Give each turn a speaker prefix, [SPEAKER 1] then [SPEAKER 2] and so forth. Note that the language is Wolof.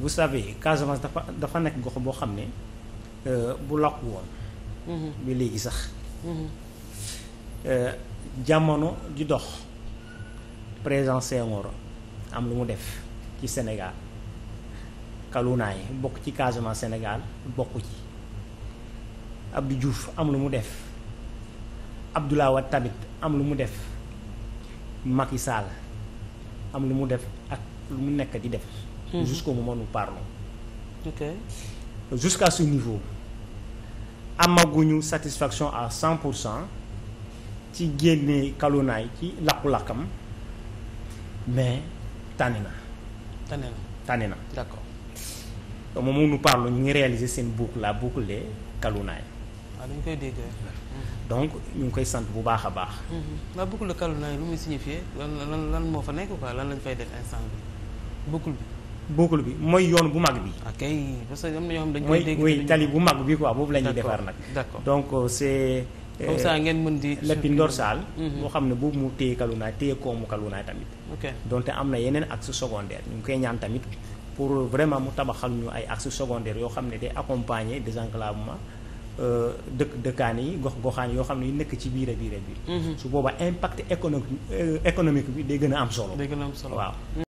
[SPEAKER 1] vous savez Casamance dafa dafa nekk gox boo xam ne euh, bu làkk woon. Mhm. bi léegi sax. Mhm. Euh, jamono di dox président Senghor am lu mu def ci Sénégal kalunaay bokk ci Casamance Sénégal bokk ci Abdou Diouf am lu mu def Abdoulaye Wade am lu mu def Macky Sall am lu mu def ak lu mu nekk di def. mmh. jusqu'au moom où nous parlons okay. jusqu'à ce niveau amaguñu satisfaction à cent pour cent ci génne kalunaay ci lakku-lakkam mais tànn na tànn na tànn na d'accord au moment où nous parlons ñu ngi réaliser seen boucle la boucle des kalunaay waaw dañu koy dégg donc ñu ngi koy sant bu baax a baax.
[SPEAKER 2] la boucle de Kalou Naye lu muy signifié lan lan moo fa nekk quoi lan lañ fay def instant
[SPEAKER 1] bi boucle bi. bokkul bi mooy yoon bu mag bi. ok parce
[SPEAKER 2] mooy tali
[SPEAKER 1] bu mag bi quoi boobu la ñuy defar nag. donc euh, c'est euh, comme ça ngeen mën di. léppi ndorsal. Mhm. boo xam ne boobu mu téye Kalouna téye koomu Kalouna tamit. ok donte am na yeneen axe secondaire ñu ngi koy ñaan tamit pour vraiment mu tabaxal ñu ay axe secondaire yoo xam ne day accompagner désenclavement euh, dëkk dëkkaan yi gox goxaan yoo xam ne yu nekk ci biir a biir a biir. Mhm. su boobaa impact économique bi day gën a am solo.